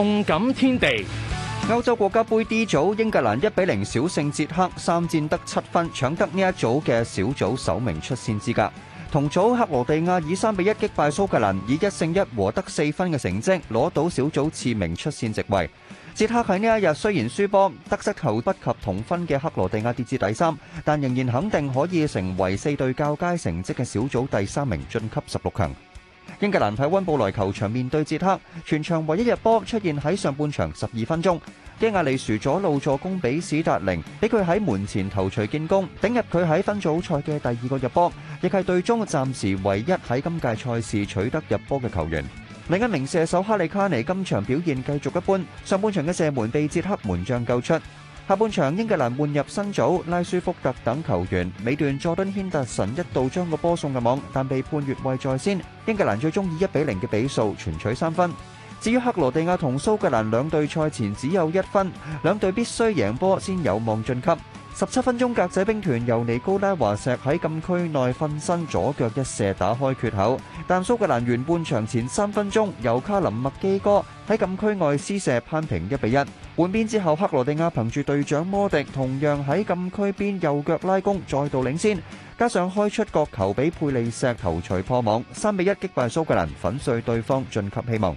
動感天地，歐洲國家盃 D 組，英格蘭一比零小勝捷克，三戰得七分，搶得呢一組嘅小組首名出線資格。同組克羅地亞以三比一擊敗蘇格蘭，以一勝一和得四分嘅成績，攞到小組次名出線席位。捷克喺呢一日雖然輸波，得失球不及同分嘅克羅地亞跌至第三，但仍然肯定可以成為四隊較佳成績嘅小組第三名晉級十六強。英格蘭喺溫布萊球場面對捷克，全場唯一入波出現喺上半場十二分鐘，基亞利殊左路助攻比史達寧，俾佢喺門前頭錘建功，頂入佢喺分組賽嘅第二個入波，亦係隊中暫時唯一喺今屆賽事取得入波嘅球員。另一名射手哈利卡尼今場表現繼續一般，上半場嘅射門被捷克門將救出。下半場英格蘭換入新組，拉舒福特等球員。尾段佐敦軒達臣一度將個波送入網，但被判越位在先。英格蘭最終以一比零嘅比數全取三分。至於克羅地亞同蘇格蘭兩隊賽前只有一分，兩隊必須贏波先有望晉級。十七分鐘，格仔兵團尤尼高拉華石喺禁區內分身，左腳一射打開缺口。但蘇格蘭完半場前三分鐘，由卡林麥基哥喺禁區外施射扳平一比一。換邊之後，克羅地亞憑住隊長摩迪同樣喺禁區邊右腳拉弓，再度領先，加上開出角球俾佩利石頭槌破網，三比一擊敗蘇格蘭，粉碎對方晉級希望。